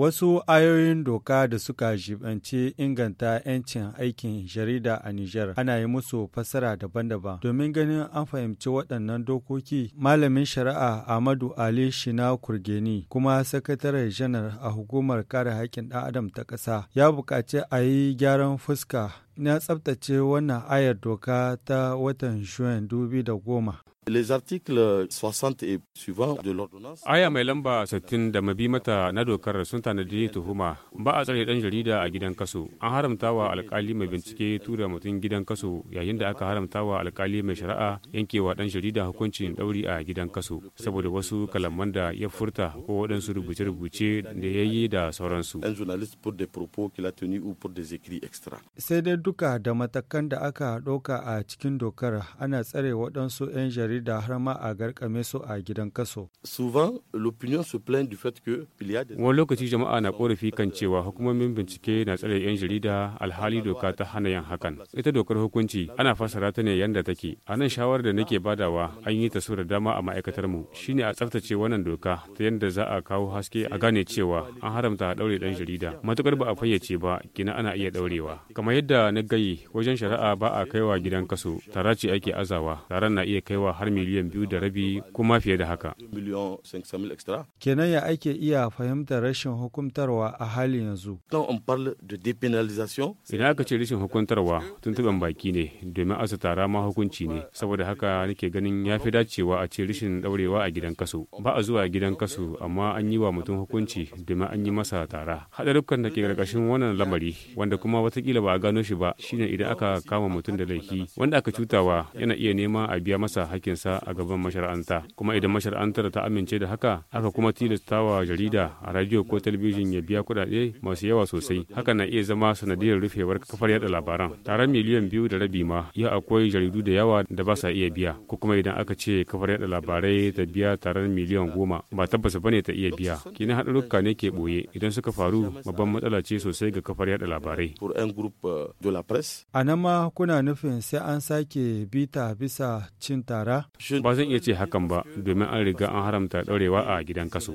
Wasu ayoyin doka da suka jibanci inganta 'yancin aikin jarida a Nijar ana yi musu fasara daban-daban. Domin ganin an fahimci waɗannan dokoki, malamin shari'a Ahmadu Ali Shina Kurgeni kuma sakataren janar a hukumar kare haƙƙin ɗan adam ta ƙasa ya buƙaci a yi gyaran fuska na tsabtace wannan ayar doka ta watan Juin 2010. Les Aya mai lamba 60 da mabi mata na dokar sun tanadi tuhuma ba a tsare ɗan jarida a gidan kaso. An haramta wa alkali mai bincike tura mutum gidan kaso yayin da aka haramta wa alkali mai shari'a yankewa ɗan jarida hukuncin dauri a gidan kaso saboda wasu kalaman da ya furta ko waɗansu rubuce-rubuce da ya yi da sauransu. Sai dai duka da matakan da aka ɗauka a cikin dokar ana tsare waɗansu 'yan jarida har ma a garkame su a gidan kaso. Wani lokaci jama'a na korafi kan cewa hukumomin bincike na tsare 'yan jarida alhali doka ta hana yin hakan. Ita dokar hukunci ana fassara ta ne yadda take. A nan shawarar da nake badawa an yi ta da dama a ma'aikatar mu shine a tsaftace wannan doka ta yadda za a kawo haske a gane cewa an haramta a ɗaure ɗan jarida. Matukar ba a fayyace ba kina ana iya ɗaurewa. Kamar yadda na gayi wajen shari'a ba a kaiwa gidan kaso tara ce ake azawa taron na iya kaiwa har miliyan biyu da rabi kuma fiye da haka kenan ya ake iya fahimtar rashin hukuntarwa a halin yanzu idan aka ce rashin hukuntarwa tuntuɓen baki ne domin asa tara ma hukunci ne saboda haka nake ganin ya fi dacewa a ce rashin ɗaurewa a gidan kaso ba a zuwa gidan kaso amma an yi wa mutum hukunci domin an yi masa tara haɗa da ke ƙarƙashin wannan lamari wanda kuma watakila ba a gano shi ba shine idan aka kama mutum da laifi wanda aka cutawa yana iya nema a biya masa hakinsa a gaban mashara'anta kuma idan mashara'antar ta amince da haka aka kuma tilastawa jarida a radio ko talabijin ya biya kuɗaɗe masu yawa sosai haka na iya zama sanadiyar rufewar kafar yada labaran tare miliyan biyu da rabi ma ya akwai jaridu da yawa da ba sa iya biya ko kuma idan aka ce kafar yada labarai ta biya taron miliyan goma ba tabbas ne ta iya biya kina haɗarurruka ne ke ɓoye idan suka faru babban matsala ce sosai ga kafar yada labarai de la A nan ma kuna nufin sai an sake bita bisa cin tara? Ba zan iya ce hakan ba domin an riga an haramta ɗaurewa a gidan kaso.